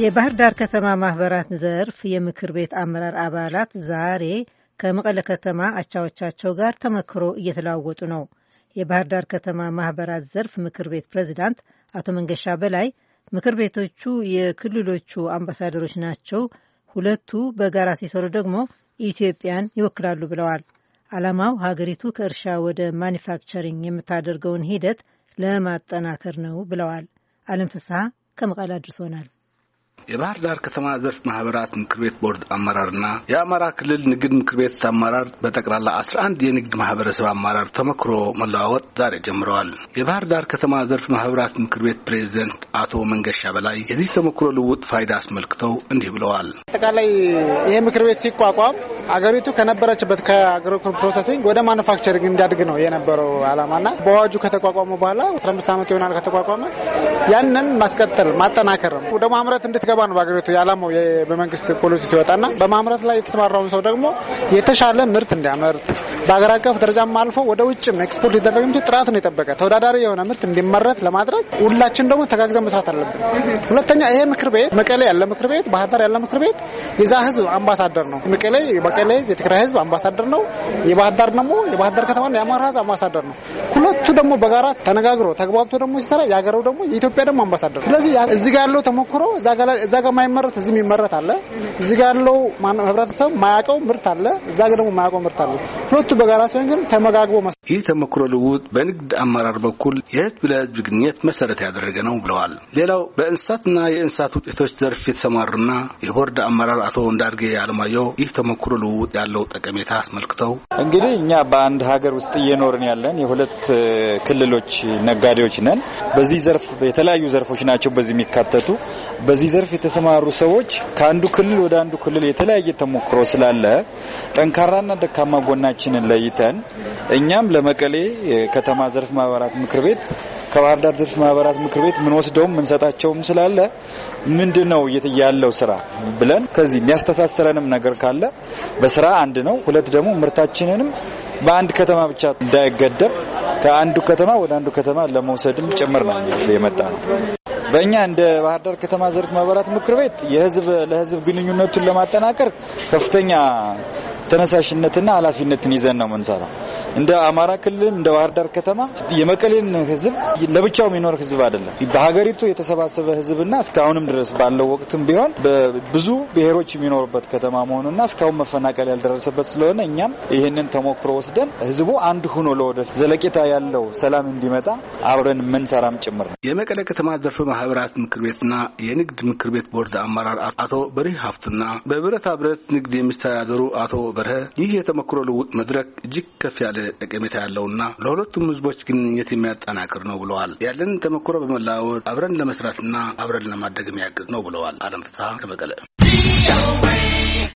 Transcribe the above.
የባህር ዳር ከተማ ማህበራት ዘርፍ የምክር ቤት አመራር አባላት ዛሬ ከመቀለ ከተማ አቻዎቻቸው ጋር ተመክሮ እየተለዋወጡ ነው። የባህር ዳር ከተማ ማህበራት ዘርፍ ምክር ቤት ፕሬዚዳንት አቶ መንገሻ በላይ ምክር ቤቶቹ የክልሎቹ አምባሳደሮች ናቸው፣ ሁለቱ በጋራ ሲሰሩ ደግሞ ኢትዮጵያን ይወክላሉ ብለዋል። ዓላማው ሀገሪቱ ከእርሻ ወደ ማኒፋክቸሪንግ የምታደርገውን ሂደት ለማጠናከር ነው ብለዋል። አለም ፍስሐ ከመቀለ አድርሶናል። የባህር ዳር ከተማ ዘርፍ ማህበራት ምክር ቤት ቦርድ አመራርና የአማራ ክልል ንግድ ምክር ቤት አመራር በጠቅላላ 11 የንግድ ማህበረሰብ አመራር ተመክሮ መለዋወጥ ዛሬ ጀምረዋል። የባህር ዳር ከተማ ዘርፍ ማህበራት ምክር ቤት ፕሬዚደንት አቶ መንገሻ በላይ የዚህ ተመክሮ ልውጥ ፋይዳ አስመልክተው እንዲህ ብለዋል። አጠቃላይ ይህ ምክር ቤት ሲቋቋም አገሪቱ ከነበረችበት ከአግሮኮል ፕሮሰሲንግ ወደ ማኑፋክቸሪንግ እንዲያድግ ነው የነበረው ና በአዋጁ ከተቋቋመ በኋላ 15 ዓመት ይሆናል ከተቋቋመ ያንን ማስቀጠል ማጠናከር ነው። ወደ ማምረት እንድትገባ ነው በአገሪቱ የዓላማው በመንግስት ፖሊሲ ሲወጣና በማምረት ላይ የተሰማራውን ሰው ደግሞ የተሻለ ምርት እንዲያመርት በሀገር አቀፍ ደረጃም አልፎ ወደ ውጭም ኤክስፖርት ሊደረግ የሚችል ነው የጠበቀ ተወዳዳሪ የሆነ ምርት እንዲመረት ለማድረግ ሁላችን ደግሞ ተጋግዘን መስራት አለብን። ሁለተኛ ይሄ ምክር ቤት መቀሌ ያለ ምክር ቤት፣ ባህር ዳር ያለ ምክር ቤት የዛ ህዝብ አምባሳደር ነው። መቀሌ መቀሌ የትግራይ ህዝብ አምባሳደር ነው። የባህር ዳር ደግሞ የባህር ዳር ከተማ የአማራ ህዝብ አምባሳደር ነው። ሁለቱ ደግሞ በጋራ ተነጋግሮ ተግባብቶ ደግሞ ሲሰራ የሀገረው ደግሞ የኢትዮጵያ ደግሞ አምባሳደር። ነው። ስለዚህ እዚህ ጋር ያለው ተሞክሮ እዛ ጋር ማይመረት እዚህ የሚመረት አለ። እዚህ ጋር ያለው ህብረተሰብ ማያውቀው ምርት አለ፣ እዛ ደግሞ ማያውቀው ምርት አለ። ሁለቱ በጋራ ሳይሆን ግን ተመጋግቦ ይህ ተሞክሮ ልውውጥ በንግድ አመራር በኩል የህዝብ ለህዝብ ግንኙነት መሰረት ያደረገ ነው ብለዋል። ሌላው በእንስሳትና የእንስሳት ውጤቶች ዘርፍ የተሰማሩና የቦርድ አመራር አቶ እንዳርጌ አለማየሁ ይህ ተሞክሮ ልውውጥ ያለው ጠቀሜታ አስመልክተው እንግዲህ እኛ በአንድ ሀገር ውስጥ እየኖርን ያለን የሁለት ክልሎች ነጋዴዎች ነን። በዚህ ዘርፍ የተለያዩ ዘርፎች ናቸው በዚህ የሚካተቱ። በዚህ ዘርፍ የተሰማሩ ሰዎች ከአንዱ ክልል ወደ አንዱ ክልል የተለያየ ተሞክሮ ስላለ ጠንካራና ደካማ ጎናችንን ለይተን እኛም ለመቀሌ የከተማ ዘርፍ ማህበራት ምክር ቤት ከባህር ዳር ዘርፍ ማህበራት ምክር ቤት ምን ምንሰጣቸውም ስላለ ምንድን ነው ያለው ስራ ብለን ከዚህ የሚያስተሳስረንም ነገር ካለ በስራ አንድ ነው፣ ሁለት ደግሞ ምርታችንንም በአንድ ከተማ ብቻ እንዳይገደብ ከአንዱ ከተማ ወደ አንዱ ከተማ ለመውሰድም ጭምር ነው የመጣ ነው። በእኛ እንደ ባህር ዳር ከተማ ዘርፍ ማህበራት ምክር ቤት የህዝብ ለህዝብ ግንኙነቱን ለማጠናከር ከፍተኛ ተነሳሽነትና ኃላፊነትን ይዘን ነው የምንሰራው። እንደ አማራ ክልል እንደ ባህር ዳር ከተማ የመቀሌን ህዝብ ለብቻው የሚኖር ህዝብ አይደለም። በሀገሪቱ የተሰባሰበ ህዝብና እስካሁንም ድረስ ባለው ወቅትም ቢሆን ብዙ ብሔሮች የሚኖሩበት ከተማ መሆኑና እስካሁን መፈናቀል ያልደረሰበት ስለሆነ እኛም ይህንን ተሞክሮ ወስደን ህዝቡ አንድ ሆኖ ለወደፊት ዘለቄታ ያለው ሰላም እንዲመጣ አብረን ምንሰራም ጭምር ነው። የመቀለ ከተማ ዘርፈ ማህበራት ምክር ቤትና የንግድ ምክር ቤት ቦርድ አመራር አቶ በሪህ ሀፍትና በብረታ ብረት ንግድ የሚስተዳደሩ አቶ በርሀ ይህ የተሞክሮ ልውጥ መድረክ እጅግ ከፍ ያለ ጠቀሜታ ያለውና ለሁለቱም ህዝቦች ግንኙነት የሚያጠናክር ነው ብለዋል። ያለን ተሞክሮ በመለዋወጥ አብረን ለመስራትና አብረን ለማደግ የሚያግዝ ነው ብለዋል። አለም ፍስሀ ከመቀለ